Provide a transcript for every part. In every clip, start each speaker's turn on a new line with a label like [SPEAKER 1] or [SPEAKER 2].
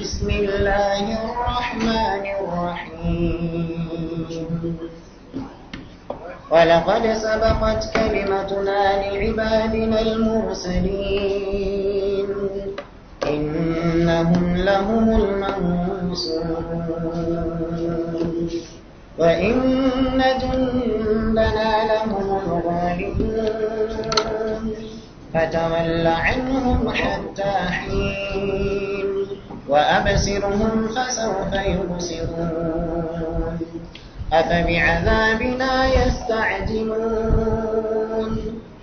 [SPEAKER 1] بسم الله الرحمن
[SPEAKER 2] الرحيم ولقد سبقت كلمتنا لعبادنا المرسلين إنهم لهم المنصورون وإن جندنا لهم الغالبون فتول عنهم حتى حين وأبصرهم فسوف يبصرون أفبعذابنا يستعجلون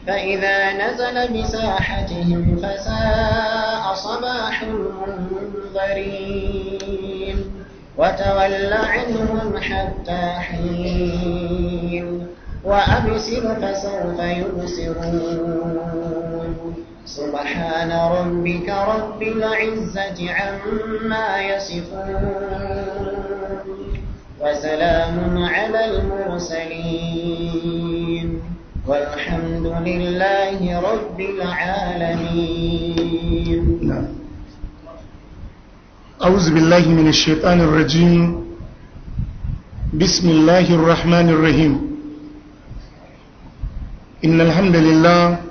[SPEAKER 2] فإذا نزل بساحتهم فساء صباح المنذرين وتول عنهم حتى حين وأبصر فسوف يبصرون سبحان ربك رب العزة عما يصفون وسلام على المرسلين والحمد لله رب العالمين أعوذ
[SPEAKER 1] بالله من الشيطان الرجيم بسم الله الرحمن الرحيم إن الحمد لله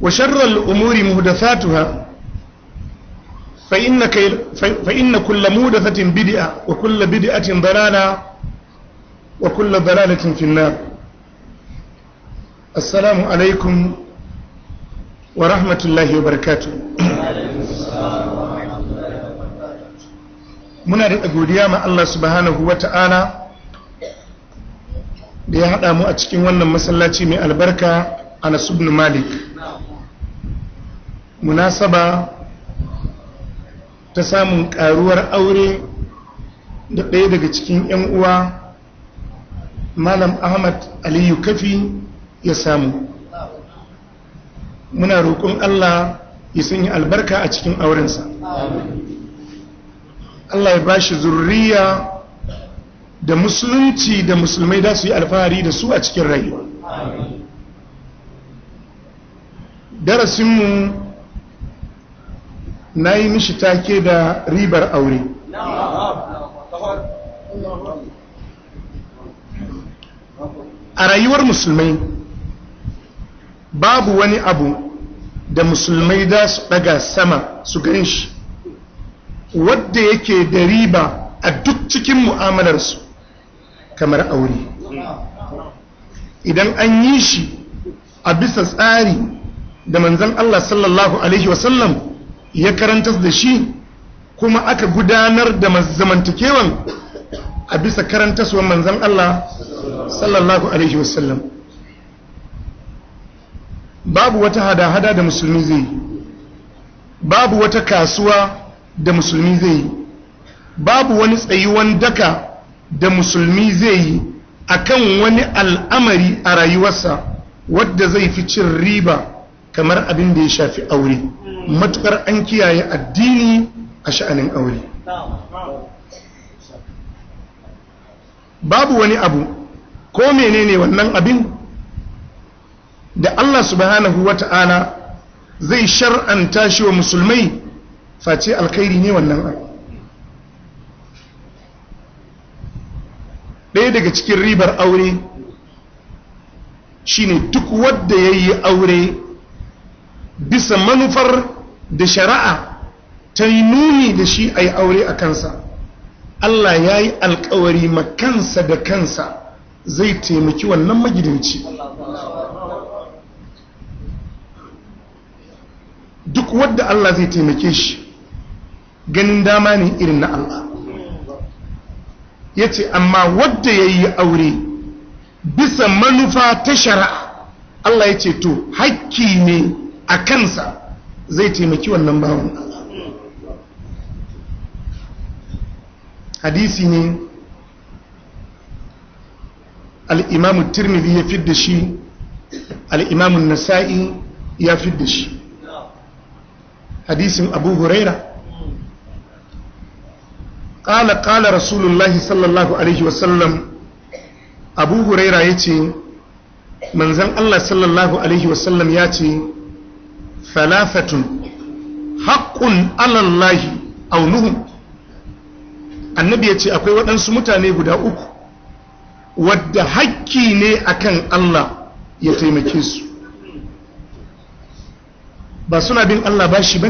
[SPEAKER 1] وشر الأمور مهدثاتها فإن, فإن كل مهدثة بدئة وكل بدئة ضلالة وكل ضلالة في النار السلام عليكم ورحمة الله وبركاته muna da godiya ma Allah subhanahu wa ta'ala da ya haɗa mu a cikin wannan masallaci mai albarka a nasubnu malik munasaba ta samun karuwar aure da ɗaya daga cikin 'yan uwa malam ahmad aliyu kafi ya samu muna roƙon allah ya sanya albarka a cikin aurensa allah ya bashi zurriya da musulunci da musulmai za su yi alfahari da su a cikin rayuwa darasinmu na yi mishi take da ribar aure a rayuwar musulmai babu wani abu da musulmai da su daga sama su gan shi wadda yake da riba a duk cikin mu'amalarsu kamar aure idan an yi shi a bisa tsari da manzan Allah sallallahu Alaihi wasallam ya karanta da shi kuma aka gudanar da zamantakewan a bisa karantaswar manzan Allah sallallahu alaihi wasallam babu wata hada-hada da musulmi zai babu wata kasuwa da musulmi zai babu wani tsayuwan daka da musulmi zai yi akan wani al'amari a rayuwarsa wadda zai fi cin riba kamar abin da ya shafi aure matukar an kiyaye addini a sha'anin aure babu wani abu ko menene wannan abin da Allah subhanahu wata'ala zai shar'anta shi wa musulmai face alkhairi ne wannan abu ɗaya daga cikin ribar aure shine duk wadda ya yi aure bisa manufar da shari'a ta yi nuni da shi a yi aure a kansa Allah ya yi alkawari makansa da kansa zai taimaki wannan magidanci duk wadda Allah zai taimake shi ganin dama ne irin na Allah ya ce amma wadda ya yi aure bisa manufa ta shari'a Allah ya ce to hakki ne a kansa zai taimaki wannan bawan hadisi ne al'imamu tirmidhi ya fidda shi al'imamun nasa'i ya fidda shi hadisin abu huraira ƙala ƙala rasulullahi sallallahu alaihi wasallam abu huraira ya ce manzan allah sallallahu alaihi wasallam ya ce falafatun haƙƙun alallahi aunuhum annabi ya ce akwai waɗansu mutane guda uku wadda hakki ne akan Allah ya taimake su ba suna bin Allah ba shi ba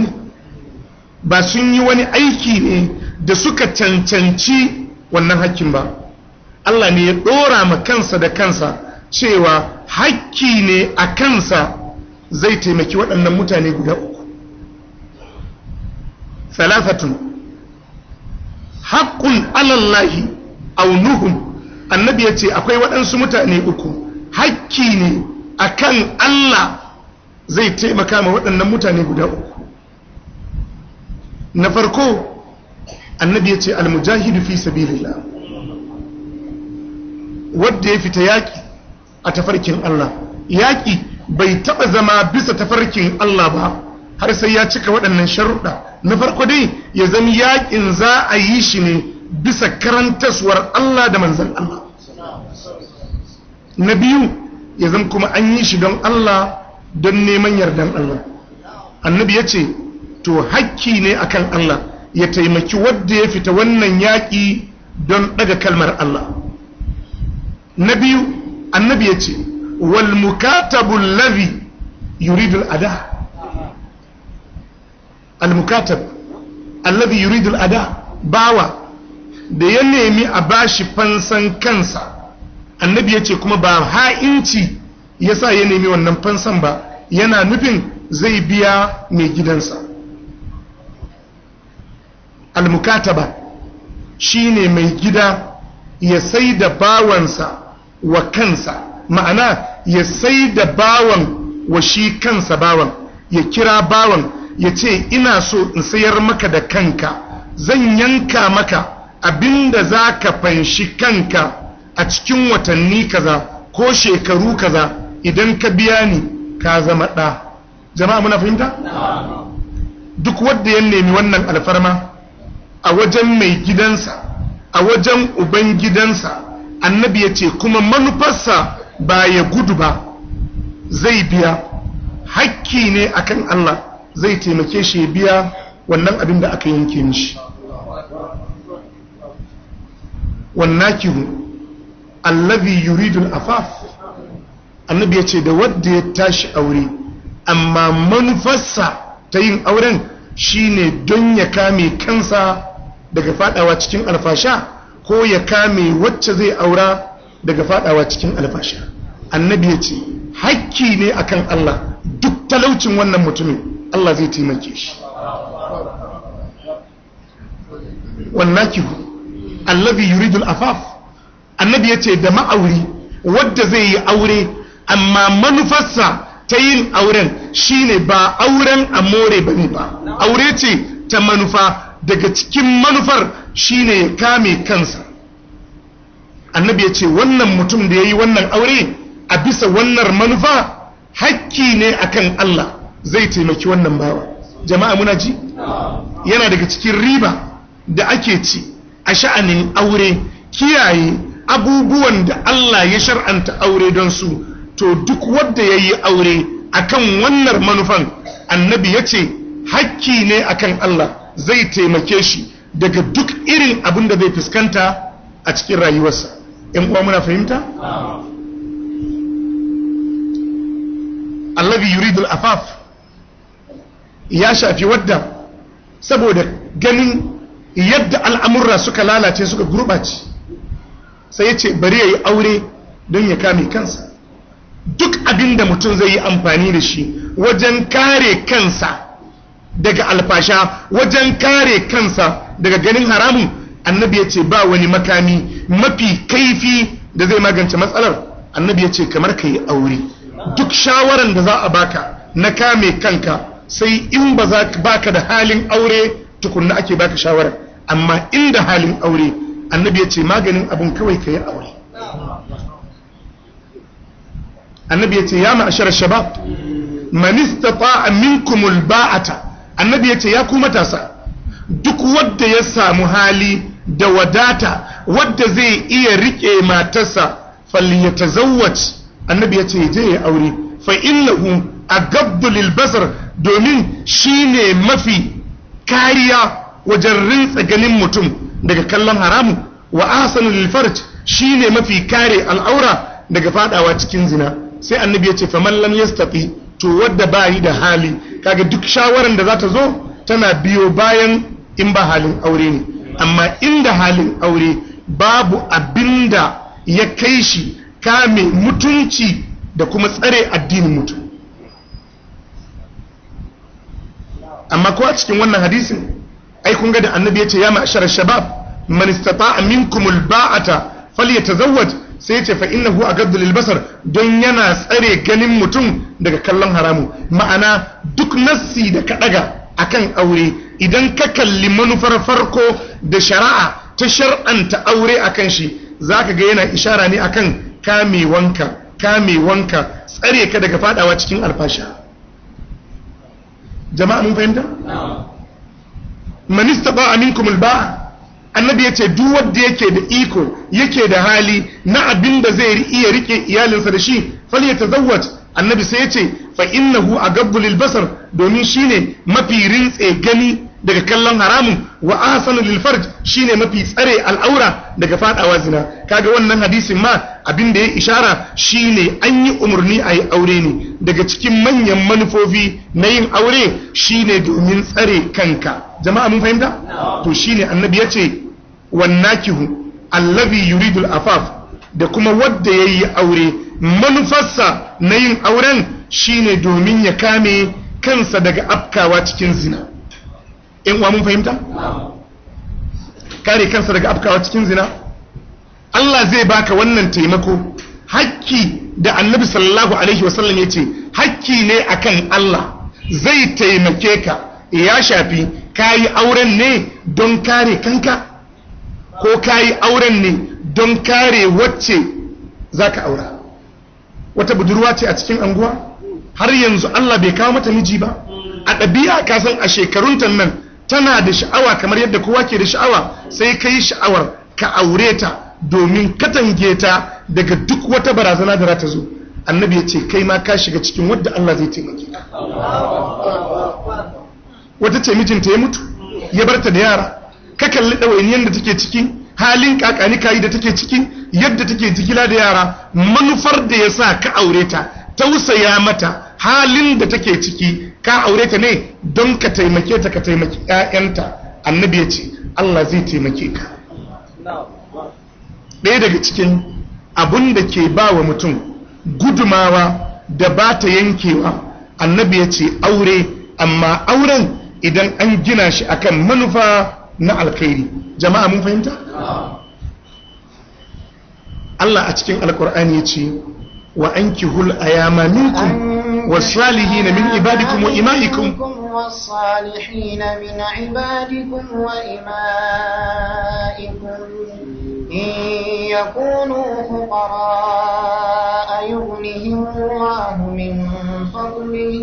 [SPEAKER 1] ba sun yi wani aiki ne da suka cancanci wannan hakkin ba Allah ne ya ɗora ma kansa da kansa cewa hakki ne a kansa zai taimaki waɗannan mutane guda uku salafatun haƙƙun alallahi aunuhun annabi ya ce akwai waɗansu mutane uku Haƙƙi ne akan Allah zai taimaka ma waɗannan mutane guda uku na farko annabi ya ce almujahidu fi sabilillah wadda ya fita yaƙi a tafarkin Allah yaƙi bai taɓa zama bisa tafarkin Allah ba har sai ya cika waɗannan sharuɗa na farko dai ya zama yaƙin za a yi shi ne bisa karantaswar Allah da manzan Allah na biyu ya zama kuma an yi shi don Allah don neman yardan Allah annabi ya ce to hakki ne akan Allah ya taimaki wadda ya fita wannan yaƙi don ɗaga kalmar Allah na biyu annabi ya ce wal mukatabu alladhi yuridu al-ada al mukatab alladhi bawa da ya nemi a bashi fansan kansa annabi ya ce kuma ba ha'inci yasa ya nemi wannan fansan ba yana nufin zai biya mai gidansa almukataba shine mai gida ya sai da bawansa wa kansa ma'ana ya sai da bawan wa shi kansa bawan ya kira bawan ya ce ina so in sayar maka da kanka zan yanka maka abinda za ka fanshi kanka a cikin watanni kaza ko shekaru kaza idan ka biya ni ka zama ɗa jama'a muna fahimta? duk wadda ya nemi wannan alfarma a wajen mai gidansa a wajen uban gidansa annabi ya ce kuma manufarsa ba ya gudu ba zai biya hakki ne akan Allah zai taimake shi biya wannan abin da aka yanke mishi wannakihu allazi al afaf annabi yace da wanda ya tashi aure amma manufarsa ta yin auren shine don ya kame kansa daga fadawa cikin alfasha ko ya kame wacce zai aura daga fadawa cikin alfashi annabi ya ce hakki ne akan Allah duk talaucin wannan mutumin Allah zai taimake shi wannakihu allazi yuridul afaf annabi ya ce da ma'auri wanda zai yi aure amma manufarsa ta yin auren shine ba auren amore bane ba aure ce ta manufa daga cikin manufar shine ya kame kansa annabi ya ce wannan mutum da ya yi wannan aure a bisa wannan manufa hakki ne akan Allah zai taimaki wannan bawa jama'a muna ji yana daga cikin riba da ake ci a sha'anin aure kiyaye abubuwan da Allah ya shar'anta aure don su to duk wanda ya yi aure akan wannan manufan annabi ya ce hakki ne akan Allah zai taimake shi daga duk irin abin da zai fuskanta a cikin rayuwarsa in kuwa muna fahimta bi yuridul afaf ya shafi wadda saboda ganin yadda al'amurra suka lalace suka gurɓace sai ya ce bari ya yi aure don ya kame kansa duk abin da mutum zai yi amfani da shi wajen kare kansa daga alfasha wajen kare kansa daga ganin haramun annabi ya ce ba wani makami mafi kaifi da zai magance matsalar annabi ya ce kamar ka yi aure duk shawaran da za a baka na kame kanka sai in ba za baka da halin aure tukunna ake baka shawara amma inda halin aure annabi ya ce maganin abun kawai ka yi aure annabi ya ce ya ma'ashar shabab man istata'a minkum ba'ata. annabi ya ce ya ku matasa duk wanda ya samu hali da wadata wadda zai iya rike matarsa falyatazawwaj annabi ya ce je ya aure fa a a lil basar domin shine mafi kariya wajen rintsa ganin mutum daga kallon haramu wa asanin lilfarj shi shine mafi kare al'aura daga fadawa cikin zina sai annabi ya ce famallan ya yastati to wadda ba yi da hali kaga duk shawaran da za ta zo tana biyo bayan in ba halin aure ne amma inda halin aure babu abinda ya kai shi kame mutunci da kuma tsare addinin mutum amma kowa cikin wannan hadisin ai kun ga da annabi ya ce ya ma'ashar shabab man istata'a minkum alba'ata falyatazawwaj sai ya yace fa innahu agaddu lil basar don yana tsare ganin mutum daga kallon haramu ma'ana duk nassi da ka daga akan aure idan ka kalli manufar farko da shari'a ta shar'anta aure a kan shi za ka ga yana ishara ne akan kamewanka kamewanka tsare ka daga fadawa cikin alfasha jama'a mun fahimta man istata minkum alba'a annabi yace duk wanda yake da iko yake da hali na abin da zai iya rike iyalinsa da shi falyatazawwaj annabi sai ya yace fa innahu a gabbulil basar domin shi ne mafi rintse gani daga kallon haramun wa ahsanu lil farj shine mafi tsare al'aura daga fadawa zina kaga wannan hadisin ma abin da ya ishara shine an yi umarni a yi aure ne daga cikin manyan manufofi na yin aure shine domin tsare kanka jama'a mun fahimta to shine annabi ya ce wannakihu allabi yuridul afaf da kuma wadda ya yi aure manufarsa na yin auren shine domin ya kame kansa daga afkawa cikin zina yan uwa mun fahimta kare kansa daga afkawa cikin zina Allah zai baka wannan taimako hakki da annabi sallallahu alaihi wasallam ya ce hakki ne akan Allah zai taimake ka ya shafi kayi auren ne don kare kanka ko kayi auren ne don kare wacce zaka aura wata budurwa ce a cikin anguwa har yanzu Allah bai kawo mata miji ba a ɗabi'a kasan a shekarunta nan tana da sha'awa kamar yadda kowa ke da sha'awa sai ka yi sha'awar ka aure ta domin katange ta daga duk wata barazana da za ta zo annabi ya ce kai ma ka shiga cikin wadda Allah zai taimake ka wata ce mijinta ya mutu ya bar ta da yara ka kalli ɗawainiyar da take ciki halin kakani kayi da take ciki yadda take jigila da yara manufar da ya sa ka aure ta tausaya mata halin da take ciki ka aure ta ne don ka taimake ta ka taimaki ƴaƴanta annabi ya ce Allah zai taimake ka ɗaya daga cikin abun da ke ba wa mutum gudumawa da ba ta yankewa annabi ya ce aure amma auren idan an gina shi akan manufa na alkhairi jama'a mun fahimta Allah a cikin alkur'ani ya ce wa an ki hul a minkum والصالحين من عبادكم وإمائكم
[SPEAKER 2] والصالحين من عبادكم وإمائكم إن يكونوا فقراء يغنهم الله من فضله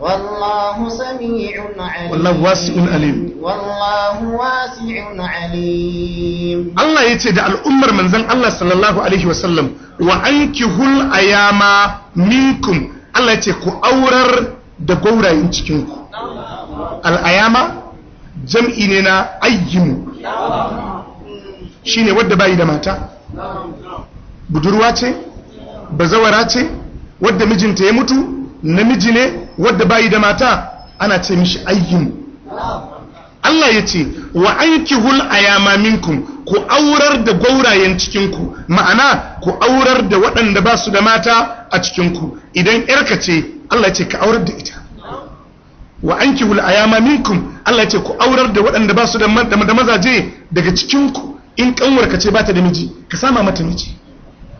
[SPEAKER 2] والله سميع عليم
[SPEAKER 1] والله واسع عليم
[SPEAKER 2] والله واسع عليم
[SPEAKER 1] الله يتي ده الأمر من زن الله صلى الله عليه وسلم وأنكهوا الأيام منكم Allah ce ku aurar da gaurayen cikinku al'ayama jam'i ne na ayyimu shi ne wadda bayi da mata budurwa ce bazawara ce wadda mijinta ya mutu namiji ne wadda bayi da mata ana ce mishi ayyimu Allah ya ce wa ankihul ayama minkum ku aurar da gwaurayen cikinku ma'ana ku aurar da waɗanda ba su da mata a cikinku idan yarka ce Allah ya ce ka aurar da ita wa ankihul ayama minkum Allah ya ce ku aurar da waɗanda ba su da mazaje daga cikinku in kanwarka ce ba ta da miji ka sama mata miji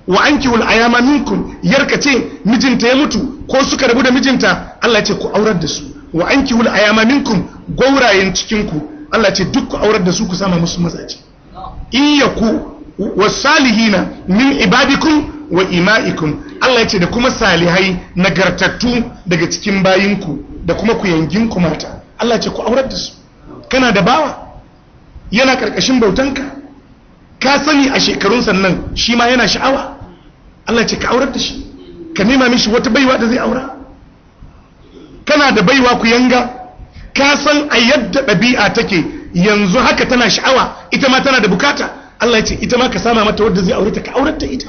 [SPEAKER 1] wa ankihul ayama minkum yarka ce mijinta ya mutu ko suka rabu da mijinta Allah ya ce ku aurar da su wa ankihul ayama minkum gaurayen cikinku Allah ce duk ku aurar da su ku sama musu mazaje Iyaku, wa wasalihina min ibadikum wa ima'ikum Allah ya ce da kuma salihai nagartattu daga cikin bayinku da kuma ku yangin ku mata Allah ce ku aurar da su kana da bawa yana karkashin bautanka ka sani a shekarun sannan shi ma yana sha'awa Allah ce ka aurar da shi ka nema mishi wata baiwa da zai aura kana da baiwa ku yanga ka san a yadda ɗabi'a take yanzu haka tana sha'awa ita ma tana da bukata Allah ya ce ita ma ka sama mata wadda zai aure ta ka aurata ita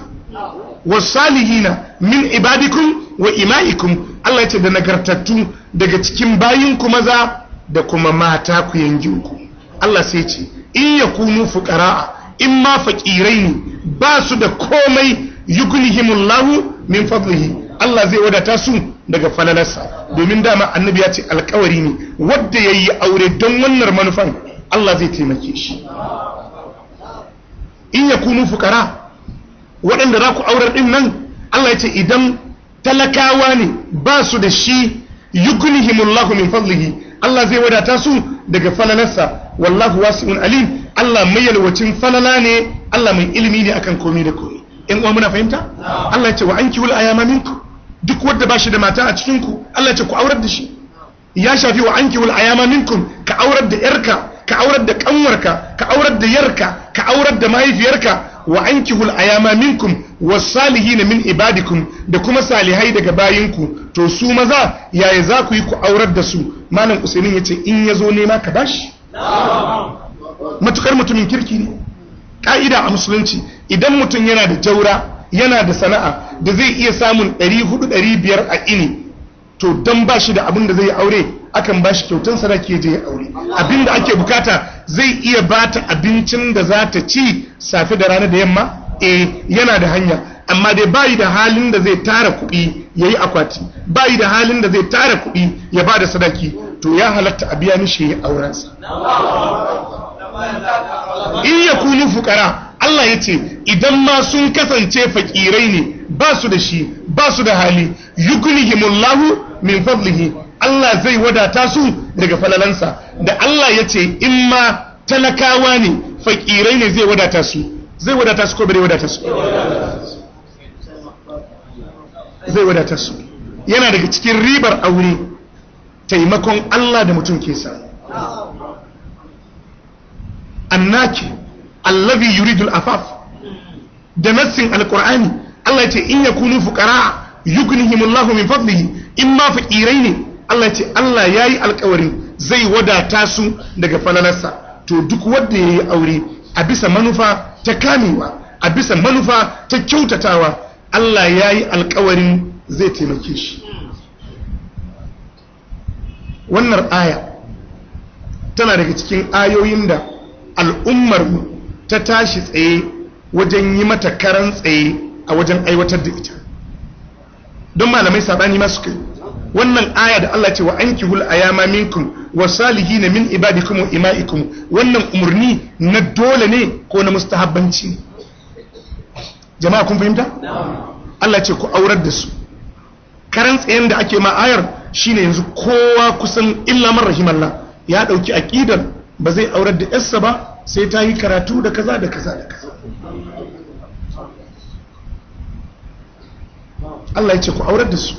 [SPEAKER 1] wasalihina min ibadikum wa ima'ikum Allah ya ce da nagartattu daga cikin bayin kuma maza da kuma mata ku yanjin ku Allah sai ce in ya kunu fuqara in ma faqirai ne ba su da komai yughnihimullahu min fadlihi Allah zai wadata su daga falalarsa domin dama annabi ya ce alkawari ne wadda ya yi aure don wannan manufan Allah zai taimake shi in ya kunu fukara waɗanda za ku aurar ɗin nan Allah ya ce idan talakawa ne ba su da shi yukunihimullahu min fadlihi Allah zai wadata su daga falalarsa wallahu wasi'un alim Allah mai yalwacin falala ne Allah mai ilimi ne akan komi da komi in uwa muna fahimta Allah ya ce wa kiwul ayama minku. duk wadda ba shi da mata a cikinku Allah ce ku aurar da shi ya shafi wa anki wal ayama minkum ka aurar da yarka ka aurar da kanwarka ka aurar da yarka ka aurar da mahaifiyarka wa anki wal ayama minkum was salihin min ibadikum da kuma salihai daga bayinku to su maza yaya za ku yi ku aurar da su malam usainin yace in yazo nema ka bashi matukar mutumin kirki ne ka'ida a musulunci idan mutum yana da jaura yana da sana'a da zai iya samun 400-500 a ini to don ba shi da abin da zai aure akan ba shi kyautan sadaki je ya aure abin da ake bukata zai iya ba ta abincin da za ta ci safe da rana da yamma eh yana da hanya amma dai bayi da halin da zai tara kuɗi ya yi akwati bayi da halin da zai tara kuɗi ya ba da sadaki to ya halatta a biya mishi ya aurensa in ya kunu fukara Allah ya ce idan ma sun kasance fakirai ne ba su da shi ba su da hali yughnihimullahu min fadlihi Allah zai wadata su daga falalansa da Allah ya ce in ma talakawa ne fakirai ne zai wadata su zai wadata su ko bai wadata su zai wadata su yana daga cikin ribar aure taimakon Allah da mutum ke samu annaki allazi al afaf da nassin al-qur'ani Allah ce in fukara, fuqara Allah min fadlihi in ma faqirai ne Allah ce Allah yayi alƙawarin zai wadata su daga falalarsa to duk wanda yayi aure a bisa manufa ta kamewa a bisa manufa ta kyautatawa Allah yayi alƙawarin zai taimake shi wannan aya tana daga cikin ayoyin da al'ummar mu ta tashi tsaye wajen yi mata karan tsaye a wajen aiwatar da ita don malamai sabani ma suka wannan aya da Allah ce wa hul ayama minkum wa salihina min ibadikum wa imaikum wannan umurni na dole ne ko na mustahabbanci jama'a kun fahimta Allah ce ku aurar da su karan tsayen da ake ma ayar shine yanzu kowa kusan illa man rahimallah ya dauki aqidar ba zai aurar da yarsa ba sai ta yi karatu da kaza da kaza da kaza Allah ya ce ku aurar da su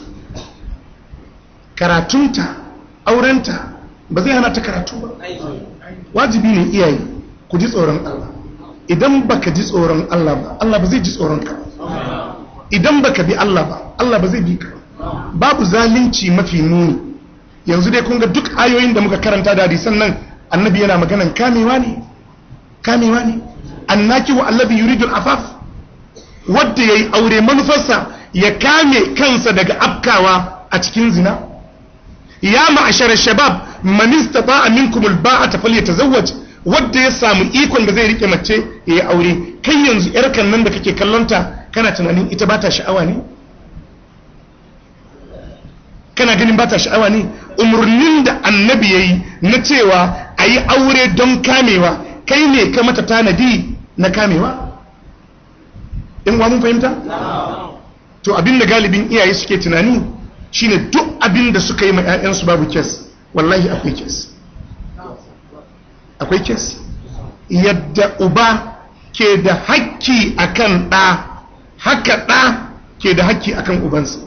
[SPEAKER 1] karatunta aurenta ba zai hana ta karatu ba wajibi ne iyaye ku ji tsoron Allah idan baka ji tsoron Allah ba Allah ba zai ji tsoron ka idan baka bi Allah ba Allah ba zai bi ka babu zalunci mafi nuni yanzu dai kun ga duk ayoyin da muka karanta da hadisan nan annabi yana maganan kamewa ne kamewa ne annaki wa allabi yuridul afaf wadda yayi aure manufarsa ya kame kansa daga afkawa a cikin zina ya ma'ashar shabab man istata'a minkum alba'ata falyatazawwaj wanda ya samu ikon da zai rike mace ya yi aure kai yanzu yarkan nan da kake kallonta kana tunanin ita ba ta sha'awa ne kana ganin ba ta sha'awa ne umurnin da annabi yayi na cewa ayi aure don kamewa kai ne ka mata tanadi na kamewa in wa mun fahimta to abin da galibin iyaye suke tunani shine duk abin da suka yi ma 'ya'yansu babu kes wallahi akwai kes akwai kes yadda uba ke da hakki akan ɗa haka ɗa ke da hakki akan ubansa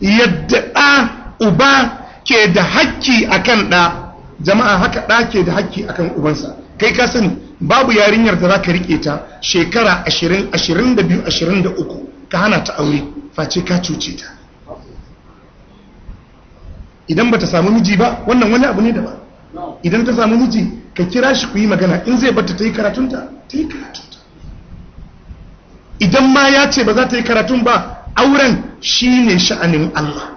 [SPEAKER 1] yadda ɗa uba ke da hakki akan ɗa jama'a haka ɗa ke da hakki akan ubansa kai ka sani babu yarinyar da za ka riƙe ta shekara 20 22 23 ka hana ta aure face ka cuce ta idan ba ta samu miji ba wannan wani abu ne da ba idan ta samu miji ka kira shi ku yi magana in zai bata ta yi karatunta ta yi karatunta idan ma ya ce ba za ta yi karatun ba auren shi ne sha'anin Allah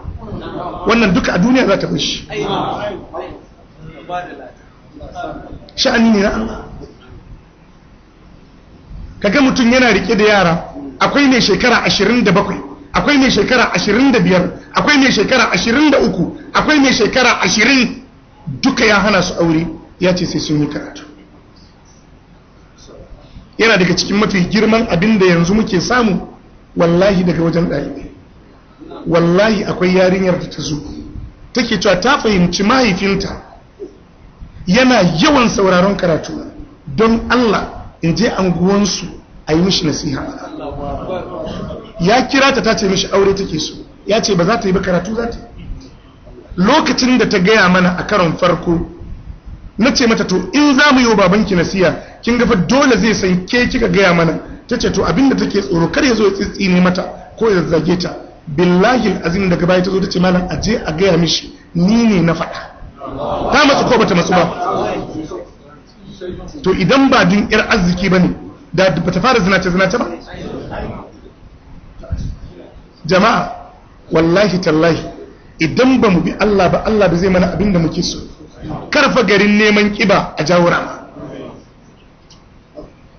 [SPEAKER 1] wannan duka a duniya za ta bar shi sha'ani ne na Allah kaga mutum yana rike da yara akwai mai shekara 27 akwai mai shekara 25 akwai mai shekara 23 akwai mai shekara 20 duka ya hana su aure ya ce sai sun yi karatu yana daga cikin mafi girman abin da yanzu muke samu wallahi daga wajen ɗalibai, wallahi akwai yarinyar da ta zo take cewa ta fahimci mahaifinta yana yawan sauraron karatu don Allah in je anguwansu a yi mishi nasiha ya kira ta ta ce mishi aure take so ya ce ba za ta yi ba karatu za ta lokacin da ta gaya mana a karon farko na ce mata to in za mu yi wa babanki nasiya kin gafa dole zai san ke kika gaya mana ta ce to abinda take tsoro kar ya zo ya tsitsine mata ko ya zage ta billahi azim daga baya ta zo ta ce malam aje a gaya mishi ni ne na faɗa ta matsu ko bata matsu ba to idan ba din yar arziki bane da bata fara zinace zinace ba jama'a wallahi tallahi idan ba mu bi Allah ba Allah ba zai mana abin da muke so karfa garin neman kiba a jawura ma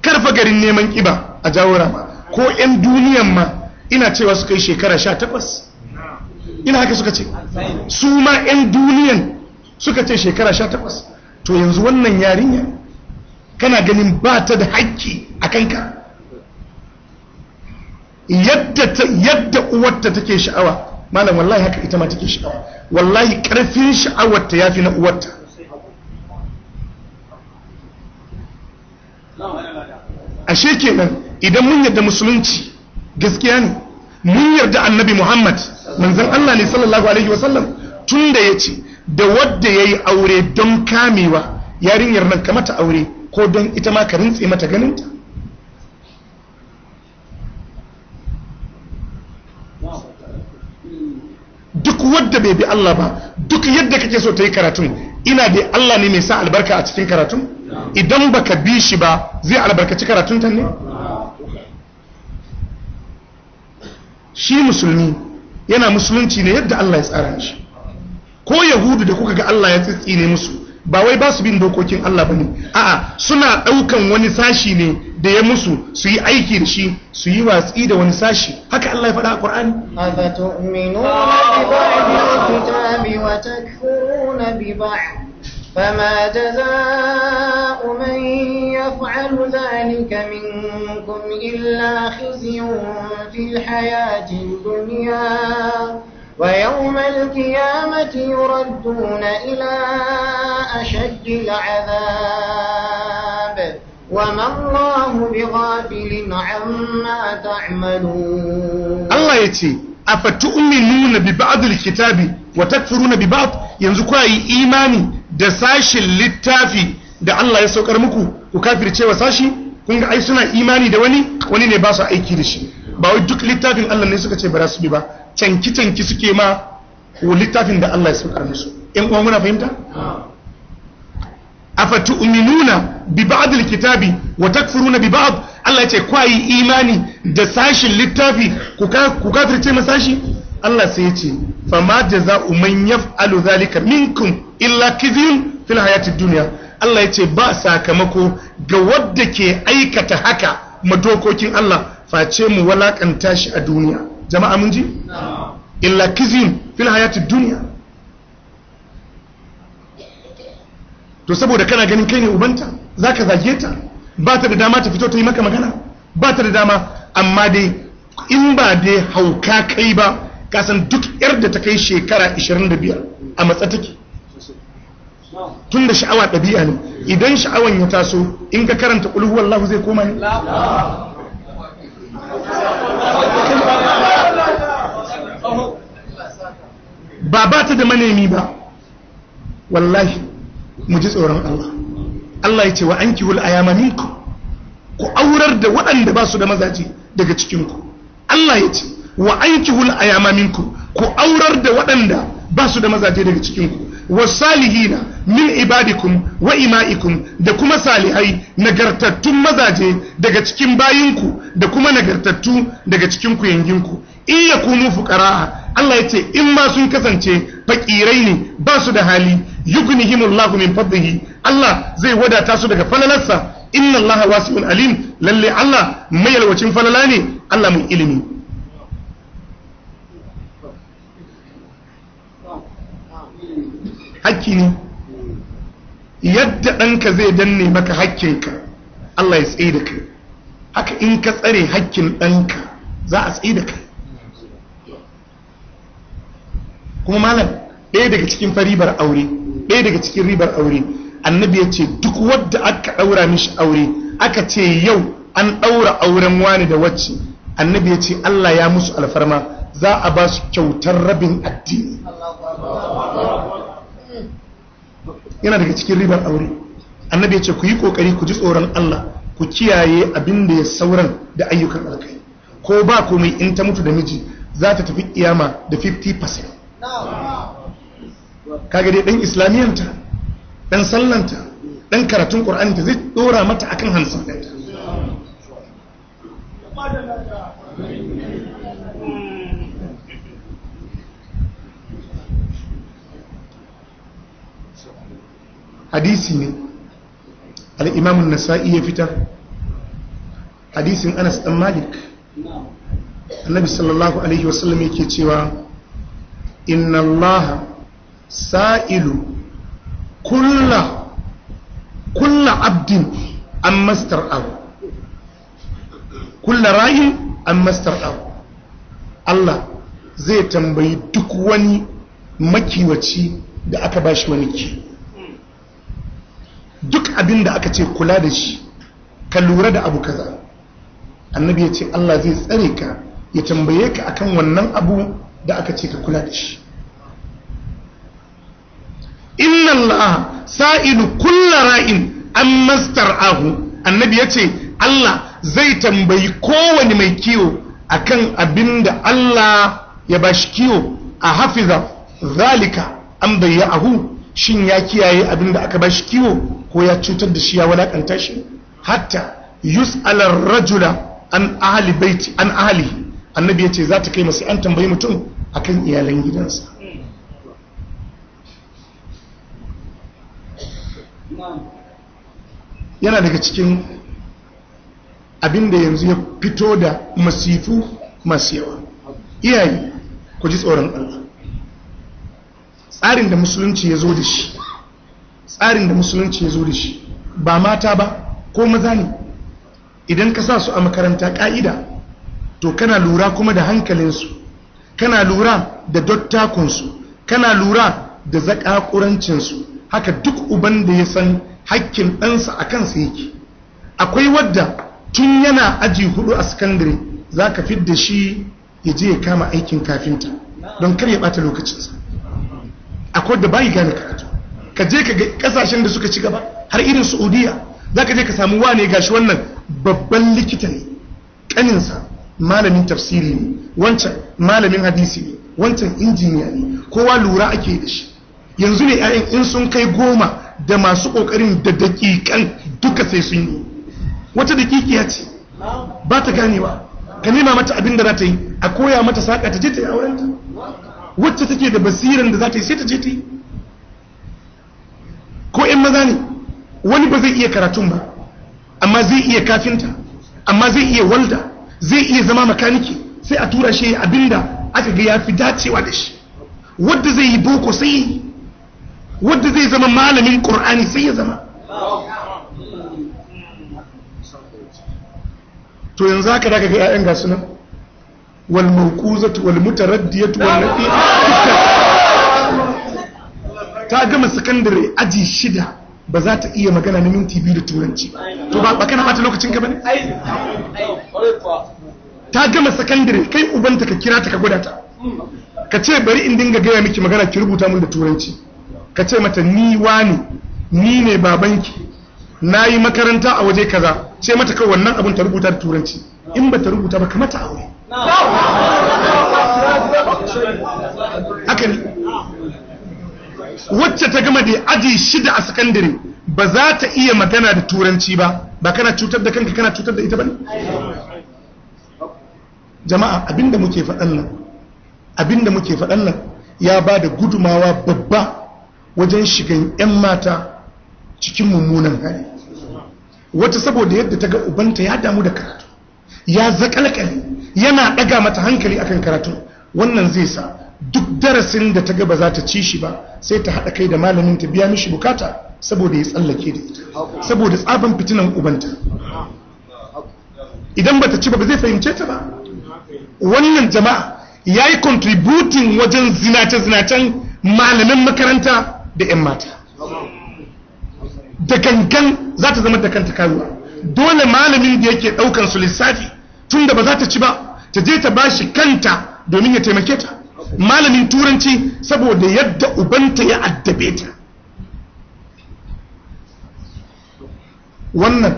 [SPEAKER 1] karfa garin neman kiba a jawura ma ko 'yan duniyan ma ina cewa suka yi shekara sha takwas ina haka suka ce su ma 'yan duniyan suka ce shekara sha takwas to yanzu wannan yarinya kana ganin ba ta da haƙƙi a kanka yadda uwarta take sha'awa malam wallahi haka ita ma take sha'awa wallahi ƙarfin sha'awarta ya fi na uwarta ashe kenan idan mun yarda musulunci gaskiya ne mun yarda annabi muhammad manzan allah ne sallallahu alaihi wasallam tun da ya ce da wadda ya yi aure don kamewa yarinyar nan ka mata aure ko don ita ma ka rintse mata ganinta duk wadda bai bi Allah ba duk yadda kake so ta yi karatun ina da Allah ne mai sa albarka a cikin karatun idan baka bi shi ba zai albarkaci karatun ta ne shi musulmi yana musulunci ne yadda Allah ya tsara shi ko yahudu da kuka ga Allah ya tsitsine musu ba wai ba su bin dokokin Allah bane a'a suna daukan wani sashi ne da ya musu su yi aiki da shi su yi watsi da wani sashi haka Allah ya faɗa a Qur'ani afatu'minuna bi ba'dil kitabi
[SPEAKER 2] wa takfuruna bi ba'd فما جزاء من يفعل ذلك منكم إلا خزي في الحياة الدنيا ويوم القيامة يردون إلى أشد العذاب وما الله بغافل عما تعملون
[SPEAKER 1] الله يتي أفتؤمنون ببعض الكتاب وتكفرون ببعض ينزكوا إيماني دساش للتافي da Allah ya saukar muku ku kafirce sashi kun ga ai suna imani da wani wani ne ba su aiki da shi ba wai duk littafin Allah ne suka ce ba za su bi ba canki-canki suke ma littafin da Allah ya saukar musu ‘yan uwa muna fahimta? a fatu uminuna bi ba'adil kitabi wa takfuruna bi ba'ad Allah ya ce kwayi imani da sashin littafi ku kafirce masashi Allah sai ya ce fama jaza'u man yaf'alu zalika minkum illa kizin fil hayati dunya Allah ya ce ba sakamako ga wadda ke aikata haka madokokin Allah face mu walakanta shi a duniya jama'a mun ji illa kizim fil hayati duniya to saboda kana ganin kai ne ubanta zaka zage ta ba ta da dama ta fito ta yi maka magana ba ta da dama amma dai in ba dai hauka kai ba kasan duk yar da ta kai shekara 25 a matsa take tun da sha'awa ɗabi'a ne idan sha'awan ya taso in ka karanta ƙulhuwallahu zai koma ne ba ba ta da manemi ba wallahi mu ji tsoron Allah Allah ya ce wa ankihul ayama minkum ku aurar da waɗanda ba su da mazaje daga cikinku Allah ya ce wa ankihul ayama minkum ku aurar da waɗanda ba su da mazaje daga cikinku wasalihina min ibadikum wa ima'ikum da kuma salihai nagartattun mazaje daga cikin bayinku da kuma nagartattu daga cikin ku yanginku in yakunu fuqara'a Allah ya ce in ma sun kasance fakirai ne ba su da hali yughnihimullahu min fadlihi Allah zai wadata su daga falalarsa inna Allah wasi'un alim lalle Allah mai yalwacin falala ne Allah mai ilimi hakki ne yadda ɗanka zai danne maka hakkinka Allah ya tsaye da kai haka in ka tsare hakkin ɗanka za a tsaye da kai kuma malam ɗaya daga cikin faribar aure ɗaya daga cikin ribar aure annabi ya ce duk wadda aka ɗaura mishi aure aka ce yau an ɗaura auren wani da wacce annabi ya ce Allah ya musu alfarma za a ba su kyautar rabin addini yana daga cikin ribar aure annabi ya ce ku yi kokari ku ji tsoron Allah ku kiyaye abin da ya sauran da ayyukan alkai ko ba komai in ta mutu da miji za ta tafi kiyama da 50% kaga dai dan islamiyanta dan sallanta dan karatun qur'aninta zai ɗora mata akan hansa ɗinta hadisi ne al'imamun nasa'i ya fitar hadisin anas dan malik annabi sallallahu alaihi wasallam yake cewa inna sa'ilu kulla kulla abdin an mastar abu kulla ra'in an mastar abu Allah zai tambayi duk wani makiwaci da aka ba shi maniki duk abin da aka ce kula da shi ka lura da abu kaza annabi ya ce Allah zai tsare ka ya tambaye ka akan wannan abu da aka ce ka kula da shi inna Allah sa'ilu kulla ra'in an mastar ahu annabi ya ce Allah zai tambayi kowane mai kiwo akan abin da Allah ya bashi kiwo a hafiza zalika an bayya ahu shin ya kiyaye abin da aka bashi kiwo ko ya cutar da shi ya walakanta shi hatta yus'alar rajula an ahali baiti an ahali annabi ya ce za ta kai masu an tambayi mutum a kan iyalan gidansa yana daga cikin abinda yanzu ya fito da masifu masu yawa iyaye ku ji tsoron Allah tsarin da musulunci ya zo da shi tsarin da musulunci ya zo da shi ba mata ba ko maza ne idan ka sa su a makaranta ka'ida to kana lura kuma da hankalinsu kana lura da dottakunsu kana lura da zaƙaƙurancinsu haka duk uban da ya san hakkin ɗansa a kansa yake akwai wadda tun yana aji hudu a sakandare za ka fi da shi ya je ya kama aikin kafinta don kar ya ɓata lokacinsa akwai da bayi gane karatu ka je ka ga ƙasashen da suka ci gaba har irin saudiya za ka je ka samu wane gashi wannan babban likita ne ƙaninsa malamin tafsiri ne wancan malamin hadisi ne wancan injiniya ne kowa lura ake da shi yanzu ne 'ya'yan in sun kai goma da masu ƙoƙarin da dakikan duka sai sun yi wata dakikiya ce ba ta ganewa ka nema mata abin da za ta yi a koya mata saƙa ta je ta yi auren ta wacce take da basiran da za ta yi sai ta je ta yi ko 'yan maza ne wani ba zai iya karatun ba amma zai iya kafinta amma zai iya walda zai iya zama makaniki sai a tura shi abinda aka ga ya fi dacewa da shi wadda zai yi boko sai yi wadda zai zama malamin ƙur'ani sai ya zama to yanzu haka da ga 'ya'yan gasu nan wal mawquzatu wal mutaraddiyatu wal nafi ta gama sakandare aji shida ba za ta iya magana na minti biyu da turanci to ba kana bata lokacin ka bane ta gama sakandare kai ubanta ka kira ta ka gwada ta ka ce bari in dinga gaya miki magana ki rubuta min da turanci ka ce mata ni wani ni ne babanki na yi makaranta a waje kaza ce mata kawai wannan abin ta rubuta da turanci in ba ta rubuta ba kamata aure haka wacce ta gama da aji shida a sakandare ba za ta iya magana da turanci ba ba kana cutar da kanka kana cutar da ita ba ne jama'a abinda muke faɗan nan abinda muke faɗan nan ya ba da gudumawa babba wajen shigan 'yan mata cikin mummunan hali wata saboda yadda ta ga ubanta ya damu da karatu ya zakalkali yana ɗaga mata hankali akan karatu wannan zai sa duk darasin da ta ga ba za ta ci shi ba sai ta haɗa kai da malamin ta biya mishi bukata saboda ya tsallake da ita saboda tsaban fitinan ubanta idan ba ta ci ba zai fahimce ta ba wannan jama'a ya yi contributing wajen zinace-zinacen malamin makaranta da 'yan mata da gangan za ta zama da kanta karuwa dole malamin da yake ɗaukan su lissafi tun da ba za ta ci ba ta je ta ba shi kanta domin ya taimake ta malamin turanci saboda yadda ubanta ya addabe ta wannan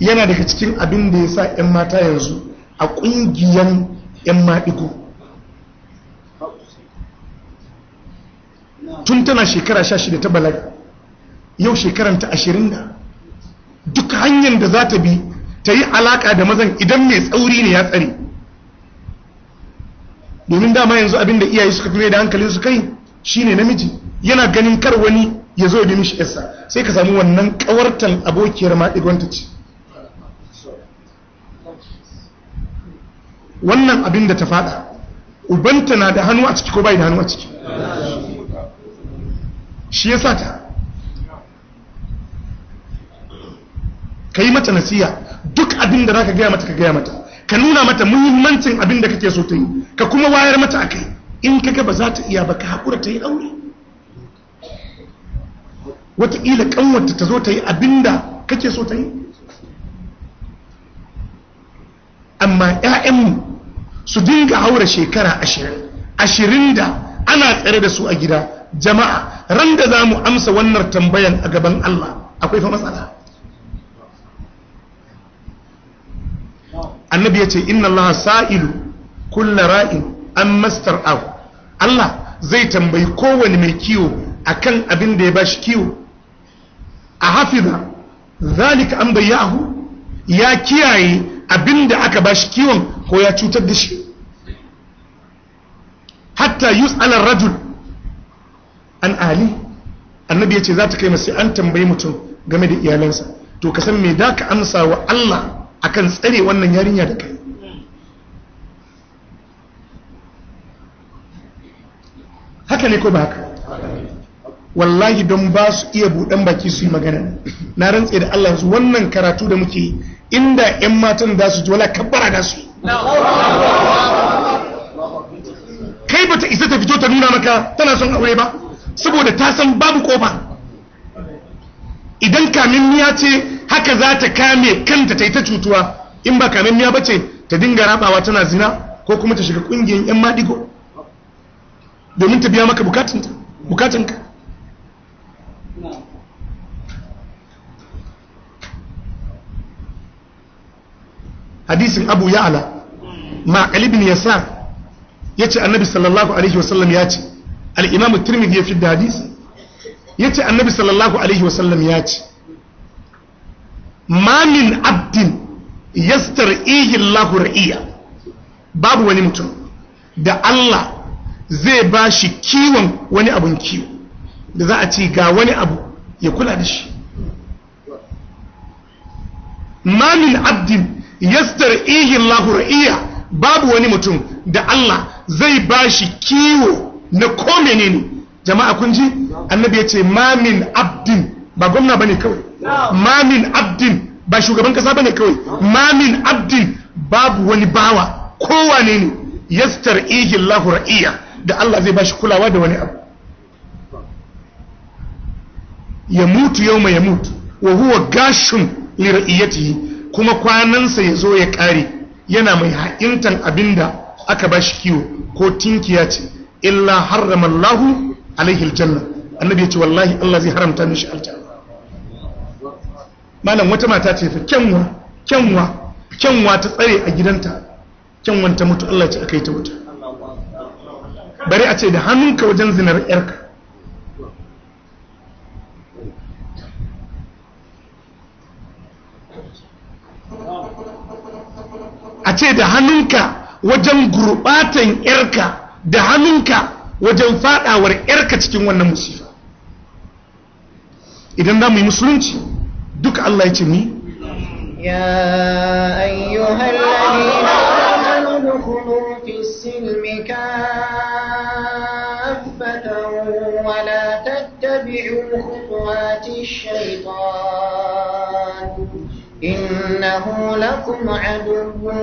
[SPEAKER 1] yana daga cikin abin da ya sa 'yan mata yanzu a ƙungiyan 'yan maɗigo tun tana shekara sha shida ta balaga yau shekaranta ashirin da duk hanyar da za ta bi ta yi alaƙa da mazan idan mai tsauri ne ya tsare domin dama yanzu abin da iyaye suka fi da hankalin su kai shine namiji yana ganin kar wani ya zo bi mishi yasa sai ka samu wannan kawartan abokiyar ma ce wannan abin da ta faɗa ubanta na da hannu a ciki ko bai da hannu a ciki shi ya sa ta ka yi mata nasiya duk abin da za ka gaya mata ka gaya mata ka nuna mata muhimmancin abin da kake so ta yi ka kuma wayar mata akai in kaga ba za ta iya ba ka haƙura ta yi aure wataƙila ƙanwarta ta zo ta yi abin da kake so ta yi amma 'ya'yanmu su dinga haura shekara ashirin ashirin da ana tsare da su a gida jama'a ran da za mu amsa wannan tambayan a gaban Allah akwai fa matsala annabi ya ce inna allaha sa'ilu kulla ra'in an mastar abu Allah zai tambayi kowane mai kiwo akan abin da ya bashi kiwo a hafiza zalika an bayyahu ya kiyaye abin da aka bashi kiwon ko ya cutar da shi hatta alar rajul an ali annabi ya ce za ta kai sai an tambayi mutum game da iyalansa to ka san me da ka amsa wa Allah akan tsare wannan yarinya da kai haka ne ko ba haka wallahi don ba su iya buɗan baki su yi magana na rantse da Allah su wannan karatu da muke inda 'yan matan da su ji wala kabbara da su kai bata isa ta fito ta nuna maka tana son aure ba saboda ta san babu kofa idan kamin ya ce haka za ta kame kanta ta yi ta cutuwa in ba kamen ba ce ta dinga rabawa tana zina ko kuma ta shiga ƙungiyar 'yan maɗigo domin ta biya maka bukatunka hadisin abu ya'ala ma kalibin ya sa ya ce annabi sallallahu alaihi wasallam ya ce al'imamu turmidi ya fi da hadisi ya ce annabi sallallahu alaihi wasallam ya ce Mamin abdin yastar ihin ra'iya babu wani mutum da Allah zai ba shi kiwon wani abun kiwo da za a ce ga wani abu ya kula da shi Mamin abdin yastar ihin ra'iya babu wani mutum da Allah zai ba shi kiwo na ko ne. jama'a kun ji annabi ya ce mamin abdin ba gwamna ne kawai Mamin abdin ba shugaban kasa bane kawai Mamin abdin babu wani bawa kowane ne yastar ihin ra'iya da Allah zai bashi kulawa da wani abu ya mutu yau ma ya mutu wa huwa gashin lira'iyyati kuma kwanansa ya zo ya kare yana mai ha'intan abinda aka bashi kiwo ko tinkiya ce illa harramallahu alaihi aljanna annabi ya ce wallahi Allah zai haramta mishi aljanna malam wata mata ce fa kyanwa kyanwa kyanwa ta tsare a gidanta kyanwan ta mutu Allah ce yi ta wuta bari a ce da hannunka wajen zinar yarka a ce da hannunka wajen gurbatan yarka da hannunka wajen fadawar yarka cikin wannan musifa idan za mu yi musulunci duk Allah ya ce mi
[SPEAKER 2] ya ayyuhal ladina amanu dukhulu fis silmi kaffatan wa la tattabi'u khutuwati shaytan innahu lakum aduwwun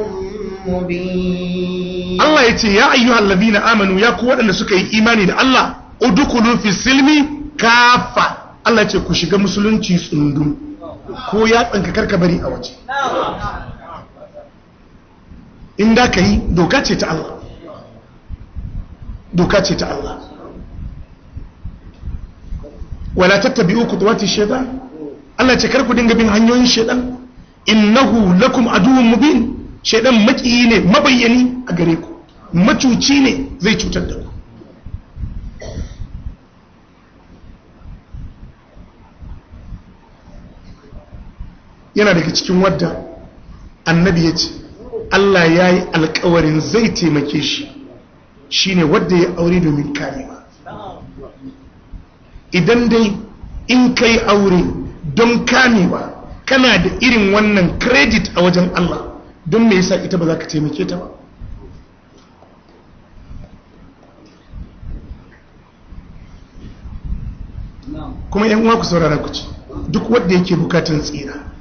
[SPEAKER 2] mubin
[SPEAKER 1] Allah ya ce ya ayyuhal ladina amanu ya ku waɗanda suka yi imani da Allah udkhulu fis silmi kaffa Allah ce ku shiga musulunci tsundum ko ya tsanka karka bari a waje in da ka yi doka ce ta Allah doka ce ta Allah wala tattabi'u khutuwati shaytan Allah ce karku dinga bin hanyoyin shaytan innahu lakum aduwwun mubin shaytan maki ne mabayyani a gare ku macuci ne zai cutar da ku yana daga cikin wadda annabi ya ce Allah ya yi alkawarin zai taimake shi shi ne wadda ya aure domin karewa idan dai in ka yi aure don kamewa kana da irin wannan credit a wajen Allah don me yasa ita ba za ka taimake ta ba kuma yan uwa ku saurara ku ci duk wanda yake bukatan tsira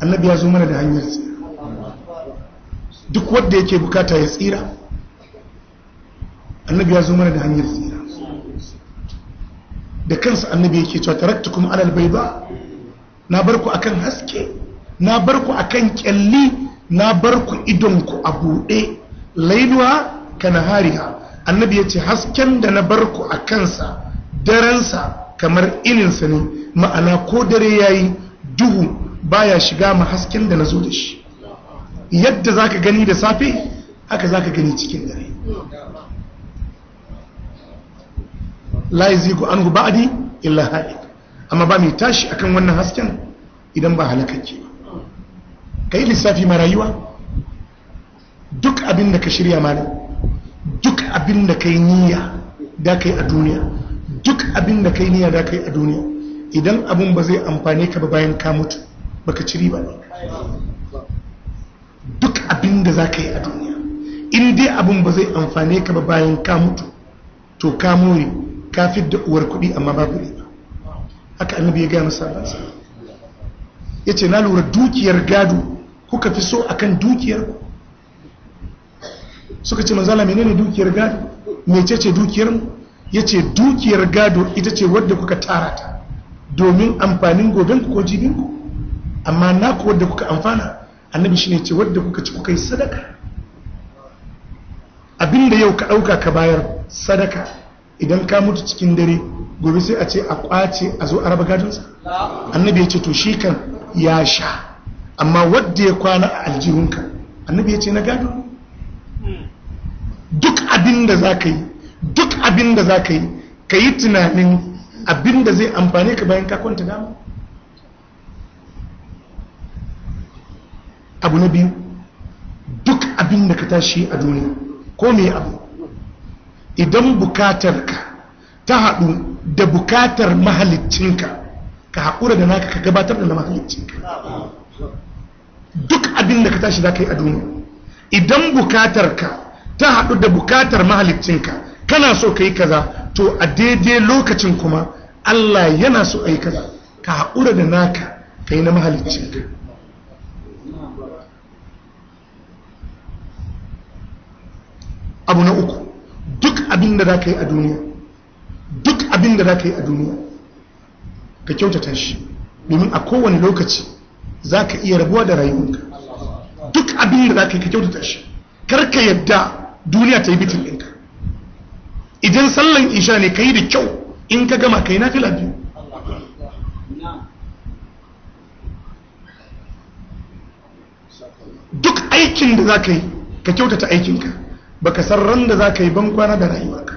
[SPEAKER 1] annabi ya zo mana da hanyar tsira duk wanda yake bukata ya tsira annabi ya zo mana da hanyar tsira da kansa annabi yake cewa kuma alal bayda na bar akan haske na barku akan kyalli na bar idon ku a buɗe lailuwa kana hariha annabi ya ce hasken da na barku a kansa darensa kamar ininsa ne ma'ana ko dare yayi duhu baya shiga ma hasken da na zo da shi yadda zaka gani da safe haka zaka gani cikin dare la yaziku anhu ba'di illa haɗi. amma ba mai tashi akan wannan hasken idan ba halakacce ba kai lissafi ma rayuwa duk abin da ka shirya malam duk abin da kai niyya da kai a duniya duk abin da kai niyya da kai a duniya idan abin ba zai amfane ka ba bayan ka mutu baka ci riba ne. duk abin da za ka yi a duniya in dai abin ba zai amfane ka ba bayan ka mutu to ka more ka fi da uwar kuɗi amma babu riba haka annabi ya gaya masa ba ya ce na lura dukiyar gado kuka fi so akan dukiyar ku suka ce manzala menene dukiyar gado mece ce dukiyar mu ya ce dukiyar gado ita ce wadda kuka tara ta domin amfanin goben ku ko jibinku amma naku wadda kuka amfana annabi shine ce wadda kuka ci kuka yi sadaka abinda yau ka ɗauka ka bayar sadaka idan ka mutu cikin dare gobe sai a ce a kwace a zo a raba gadonsa annabi ya ce to shi kan ya sha amma wadda ya kwana a aljihunka annabi ya ce na gado duk abinda za ka yi duk abinda za ka yi ka yi tunanin abinda zai amfani ka bayan ka kwanta dama abu na biyu duk abin da ka tashi a duniya ko me abu idan bukatarka ta haɗu da bukatar mahalicinka ka haƙura da naka ka gabatar da mahalicinka duk abin da ka tashi za ka yi a duniya idan bukatarka ta haɗu da bukatar mahalicinka kana so ka yi kaza to a daidai lokacin kuma allah yana so a yi kaza ka haƙura da naka ka yi na mahalicinka abu na uku duk abin da za ka yi a duniya duk abin da za ka yi a duniya ka kyautata shi domin a kowane lokaci za ka iya rabuwa da rayuwanka duk abin da za ka yi ka kyautata shi kar ka yadda duniya ta yi bitin ɗinka idan sallan isha ne ka yi da kyau in ka gama ka yi na fila biyu duk aikin da za ka yi ka kyautata aikinka baka san ran da za ka yi bankwana da rayuwarka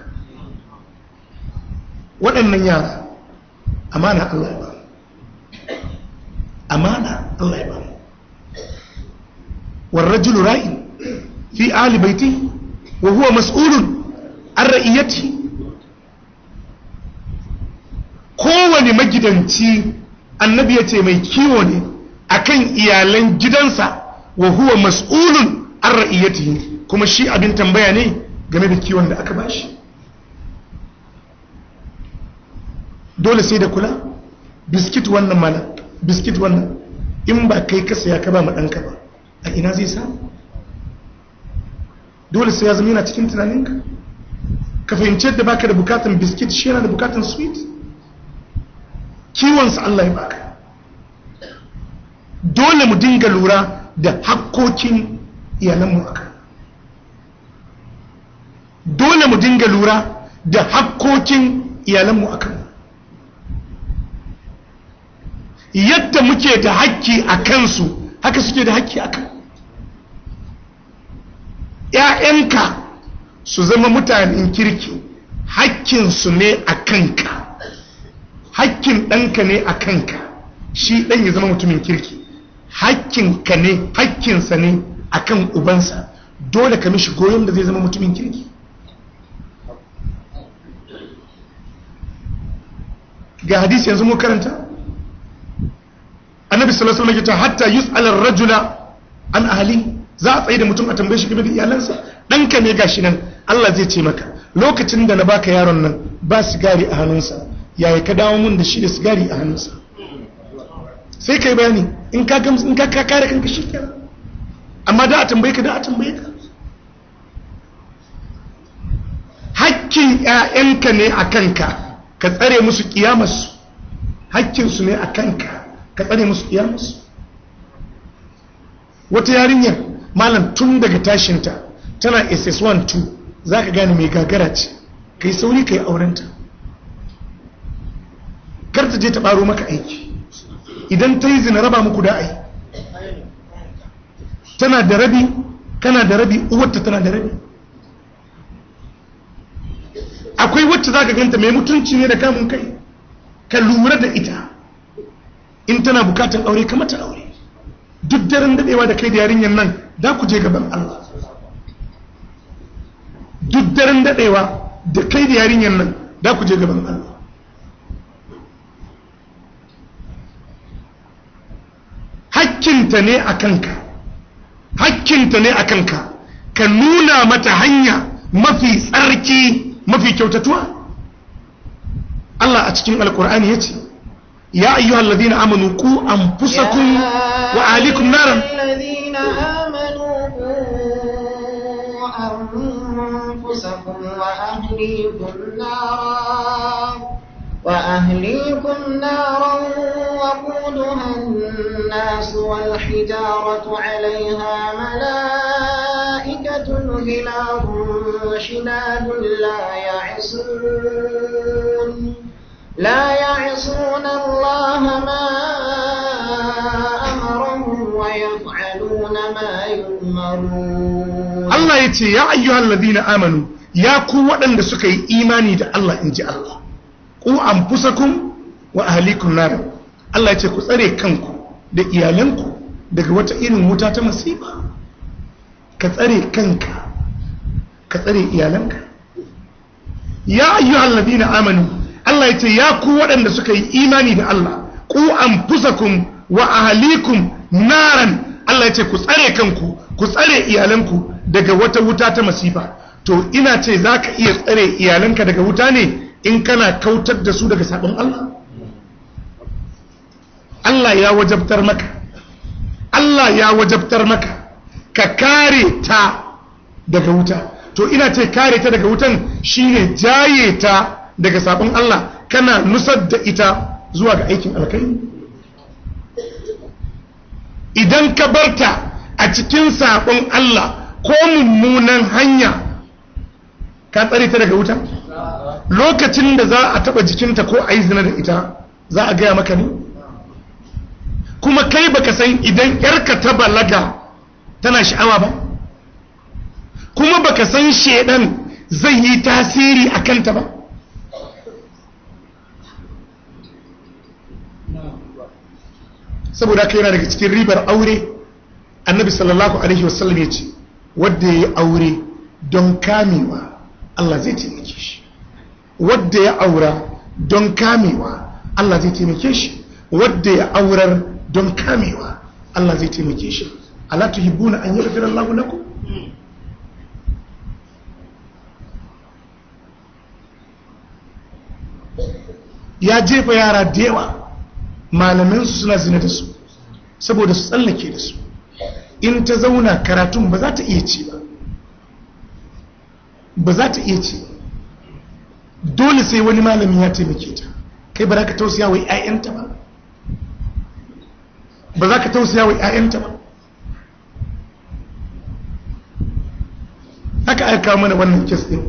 [SPEAKER 1] waɗannan yara amana Allah ya ba amana Allah ya ba والرجل راي في wa huwa وهو مسؤول عن Ko kowane magidanci annabi ya ce mai kiwo ne akan iyalan gidansa wa huwa mas'ulun an ra'iyatihi kuma shi abin tambaya ne game da kiwon da aka bashi dole sai da kula biskit wannan mana biskit wannan in ba kai kasa ya ka ba ma ba a ina zai samu dole sai ya zama yana cikin tunaninka ka fahimci yadda baka da bukatan biskit shi yana da bukatan sweet kiwonsa Allah ya baka dole mu dinga lura da hakkokin iyalanmu akan dole mu dinga lura da hakkokin iyalanmu a kanmu yadda muke da hakki a kansu haka suke da hakki a kan ‘ya'yanka su zama mutanen kirki hakkinsu ne a kanka hakkin ɗanka ne a kanka shi ɗan ya zama mutumin kirki hakkinka ne hakkinsa ne a kan ubansa dole ka mishi goyon da zai zama mutumin kirki ga hadisi yanzu mu karanta annabi sallallahu alaihi wasallam hatta yus'al ar-rajula an ahli za a tsaye da mutum a tambaye shi game da iyalansa danka ne gashi nan Allah zai ce maka lokacin da na baka yaron nan ba sigari a hannunsa yaya ka dawo mun da shi da sigari a hannunsa sai kai bayani in ka gamsu in ka kare kanka shi kenan amma da a tambaye ka da a tambaye ka hakkin 'ya'yanka ne a kanka ka tsare musu kiyamarsu hakkinsu ne a kanka ka tsare musu kiyamarsu wata yarinyar malam tun daga tashinta tana ss1 2 za ka gane mai gagara ce ka yi sauri ka yi aurenta kar ta je ta ɓaro maka aiki idan ta yi zina raba muku da ai tana da rabi kana da rabi uwarta tana da rabi akwai wacce za ka ganta mai mutunci ne da kamun kai ka lura da ita in tana bukatan aure ka mata aure duk daren dadewa da kai da yarinyar nan da ku je gaban Allah duk daren dadewa da kai da yarinyar nan da ku je gaban Allah hakkinta ne a kanka hakkinta ne a kanka ka nuna mata hanya mafi tsarki mafi kyautatuwa Allah a cikin alkur'ani yace ya ayyuhal ladina amanu qu anfusakum wa alikum naran
[SPEAKER 2] وأهليكم نارا وأهليكم نارا وقودها الناس والحجارة عليها ملائكة Likita tulge na ɗorawa, shi na duniya ya yi xasu. ya xasu na ya fahimta
[SPEAKER 1] Allah ya Amanu ya ku waɗanda suka yi imani da Allah an ji'a kuma an kusa kuma 'Wa ahli kulma Allah ya ce 'Ku tsare kanku da iyalanku daga wata irin wuta ta masiba. ka tsare kanka ka tsare iyalanka ya ayyu alladina amanu Allah ya ce ya ku waɗanda suka yi imani da Allah ku anfusakum wa ahlikum naran Allah ya ce ku tsare kanku ku tsare iyalanku daga wata wuta ta masifa to ina ce zaka iya tsare iyalanka daga wuta ne in kana kautar da su daga sabon Allah Allah ya wajabtar maka Allah ya wajabtar maka ka kare ta daga wuta to ina ce kare ta daga wutan shine jaye ta daga sabon Allah kana nusar da ita zuwa ga aikin alkai idan ka barta a cikin sabon Allah ko mummunan hanya ka tsare ta daga wuta lokacin da za a taba jikinta ko a yi zina da ita za a gaya maka ne kuma kai baka san idan yarka ta balaga tana sha'awa ba kuma baka san shaidan zai yi tasiri a kanta ba saboda kai yana daga cikin ribar aure annabi sallallahu alaihi wasallam ya ce wadda ya yi aure don kamewa Allah zai taimake shi wadda ya aura don kamewa Allah zai taimake shi wadda ya aurar don kamewa Allah zai taimake shi ala tuhibbuna an yaghfira Allahu lakum ya jefa yara dewa malamin su suna zina da su saboda su tsallake da su in ta zauna karatun ba za ta iya ci ba ba za ta iya ci dole sai wani malami ya taimake ta kai ba za ka tausiya wa 'ya'yanta ba ba za ka tausiya wa 'ya'yanta ba haka aka mana wannan kes din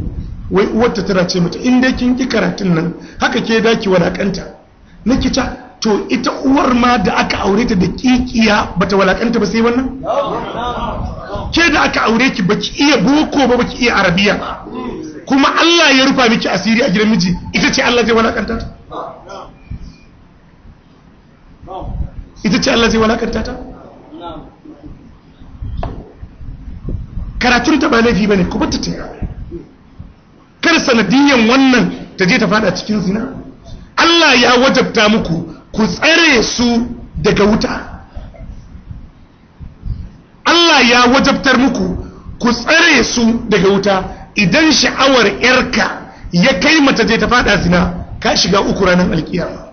[SPEAKER 1] wai uwarta tana ce mata in dai kin ki karatun nan haka ke daki walakanta na ta to ita uwar ma da aka aure ta da kikiya bata walakanta ba sai wannan ke da aka aure ki baki iya boko ba baki iya arabiya kuma Allah ya rufa miki asiri a gidan miji ita ce Allah zai walakanta ta ita ce Allah zai walakanta ta karatun ta ba laifi bane ku bata tira kar sanadiyan wannan ta je ta fada cikin zina Allah ya wajabta muku ku tsare su daga wuta Allah ya wajabtar muku ku tsare su daga wuta idan sha'awar yarka ya kai mata je ta fada zina ka shiga uku ranar alkiyama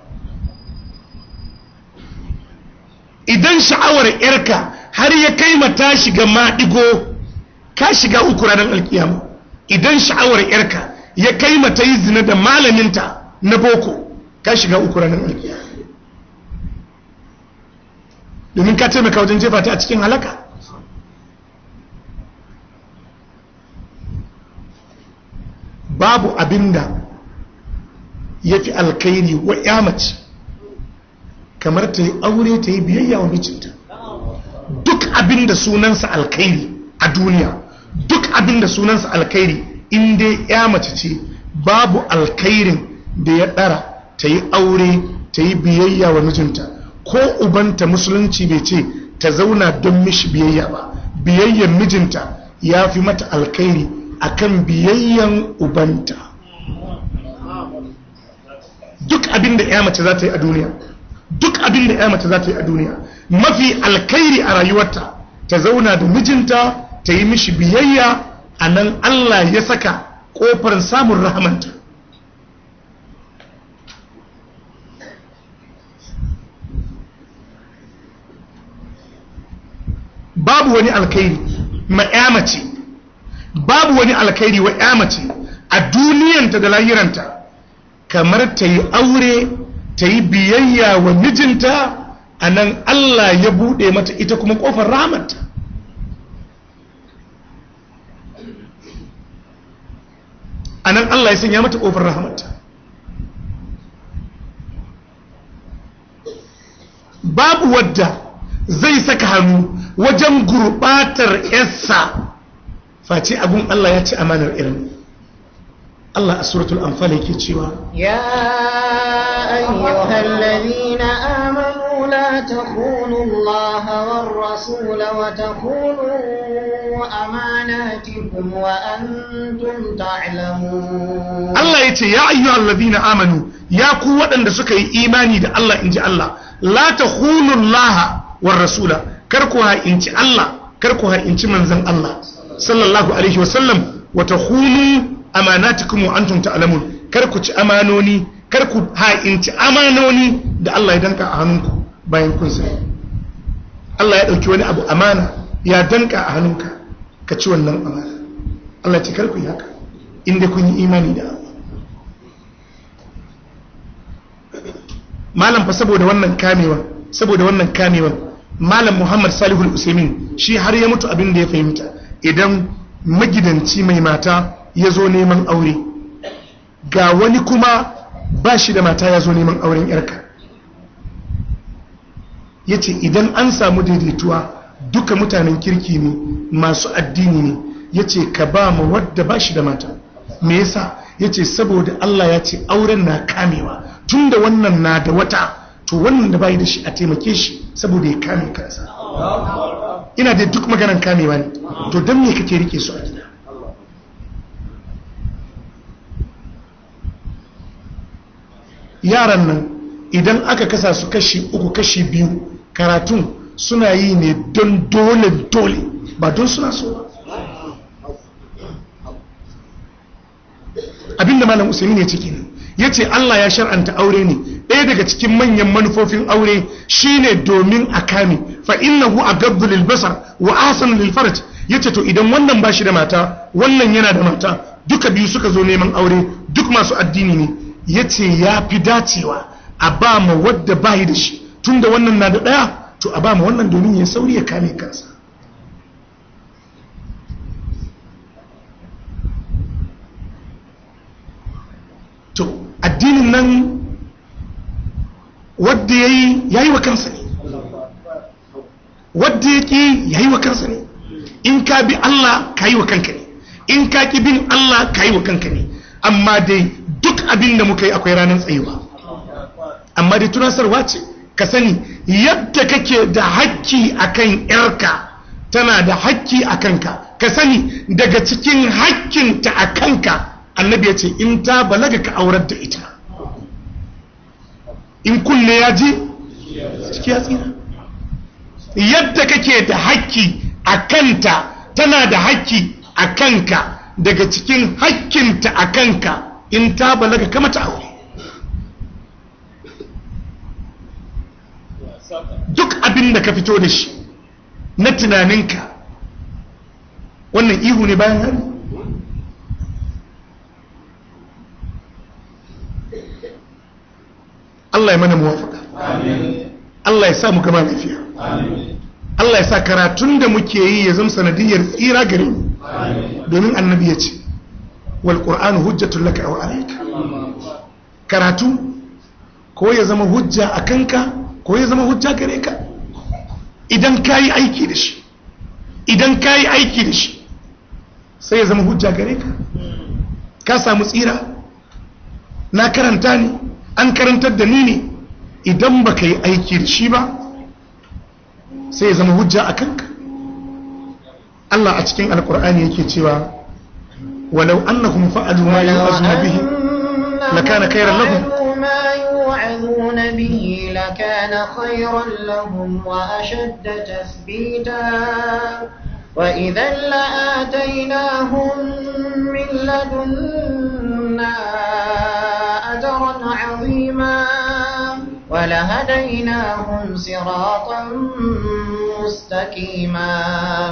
[SPEAKER 1] idan sha'awar yarka har ya kai mata shiga maɗigo ka shiga uku ranar alkiyama idan sha'awar yarka ya kai mata yi zina da malaminta na boko ka shiga uku ranar alkiyama domin ka taimaka wajen jefa ta a cikin halaka babu abinda ya fi alkairi wa ya mace kamar ta yi aure ta yi biyayya wa mijinta duk abinda sunansa alkairi a duniya duk abin da sunansa alkhairi in dai ya mace ce babu alkhairin da ya ɗara ta yi aure ta yi biyayya wa mijinta ko ubanta musulunci bai ce ta zauna don mishi biyayya ba biyayyan mijinta ya fi mata alkhairi kan biyayyan ubanta duk abin da ya mace za ta yi a duniya duk abin da ya mace za ta yi a duniya mafi alkhairi a rayuwarta ta zauna da mijinta ta yi mishi biyayya a nan Allah ya saka ƙofar samun rahamanta babu wani alkairi ma mace babu wani alkairi wa mace a duniyanta da lahiranta kamar ta yi aure ta yi biyayya wa mijinta a nan Allah ya buɗe mata ita kuma ƙofar rahamanta anan Allah ya sanya mata kofar rahamarta babu wadda zai saka hannu wajen gurbatar yarsa face abun Allah ya ci amanar irin Allah a suratul anfal yake cewa
[SPEAKER 2] ya ayyuhal ladina amanu la takunu Allah war rasul wa takunu Allah
[SPEAKER 1] ya ce, Ya ayyuhal ladina amanu, ya ku waɗanda suka yi imani da Allah in ji Allah, la ta hunun laha war rasula, inci Allah, kar ku inci manzan Allah, sallallahu Alaihi wasallam, wata hunu amanatikum wa antum ta'lamun kar ku ci amanoni kar ku ha inci amanoni da Allah ya danka a hannunku bayan kun sai Allah ya dauki wani abu amana ya danka a hannunka ka ci wannan amana Allah ce karku yi haka inda kun yi imani da amma malam fa saboda wannan kamewa saboda wannan kamewa malam Muhammad Salihul Usaimin shi har ya mutu abin da ya fahimta idan magidanci mai mata ya zo neman aure ga wani kuma ba shi da mata ya zo neman auren yarka ya ce idan an samu daidaituwa duka mutanen kirki ne masu addini ne ya ce ka ba mu wadda ba shi da mata me yasa ya ce saboda Allah ya ce auren na kamewa tun da wannan na da wata to wannan da bayi da shi a taimake shi saboda ya kame kansa ina da duk maganan kamewa ne to don me kake rike su a gida yaran nan idan aka kasa su kashi uku kashi biyu karatun suna yi ne don dole dole ba don suna so ba abinda malam usaini ne ciki ne ya ce allah ya shar'anta aure ne ɗaya daga cikin manyan manufofin aure shine domin a kame fa innahu a gabdu lilbasar wa asan lilfarat ya ce to idan wannan ba shi da mata wannan yana da mata duka biyu suka zo neman aure duk masu addini ne ya ce ya fi dacewa a ba ma wadda bayi da shi tunda wannan na da ɗaya to a ba ma wannan domin ya sauri ya kame kansa to addinin nan wadda ya yi ya yi wa kansa ne wadda ya ki ya yi wa kansa ne in ka bi Allah ka yi wa kanka ne in ka ƙi bin Allah ka yi wa kanka ne amma dai duk abin da muka yi akwai ranar tsayuwa amma dai tunasarwa ce ka sani yadda kake da hakki akan yarka tana da hakki a kanka ka sani daga cikin hakkinta a kanka annabi ya ce in ta balaga ka aurar da ita in kulle ya ji ciki ya tsira yadda kake da hakki a kanta tana da hakki a kanka daga cikin hakkinta a kanka in ta balaga ka mata aure duk abin da ka fito da shi na tunaninka wannan ihu ne bayan hari Allah ya mana muwafaka Allah ya sa mu gama lafiya Allah ya sa karatun da muke yi ya zama sanadiyar tsira gare mu domin annabi ya ce wal qur'anu hujjatul laka wa alayka karatu ko ya zama hujja a kanka ko ya zama hujja gare ka idan ka yi aiki da shi idan ka yi aiki da shi sai ya zama hujja gare ka ka samu tsira na karanta ne an karantar da ni ne idan ba ka yi aiki da shi ba sai ya zama hujja a kanka Allah a cikin alkur'ani yake cewa walau annahum fa'alu ma yu'azuna bihi lakana khairan lahum
[SPEAKER 2] يوعظون به لكان خيرا لهم وأشد تثبيتا وإذا لآتيناهم من لدنا أجرا عظيما
[SPEAKER 1] ولهديناهم
[SPEAKER 2] صراطا مستقيما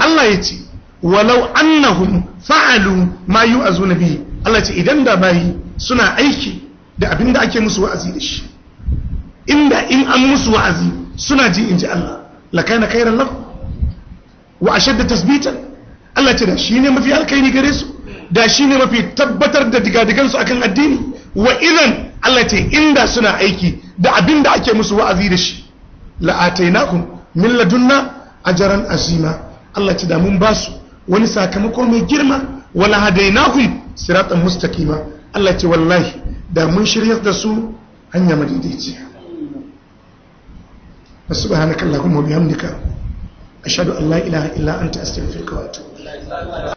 [SPEAKER 1] الله يتي ولو أنهم فعلوا ما يؤذون به الله يتي ما هي سنة أيكي da abin da ake musu wa'azi da shi inda in an musu wa'azi suna ji in ji Allah lakana khairan lahu wa ashadda tasbitan Allah ce da shi ne mafi alkaini gare su da shi ne mafi tabbatar da digadigansu akan addini wa idan Allah ce inda suna aiki da abin da ake musu wa'azi da shi la'atainakum min ladunna ajran azima Allah ce da mun ba su wani sakamako mai girma wala hadainakum siratan mustaqima Allah ce wallahi da mun shiryar da su hanya madaidaiciya subhanakallahumma wa bihamdika ashhadu an la ilaha illa anta astaghfiruka wa atubu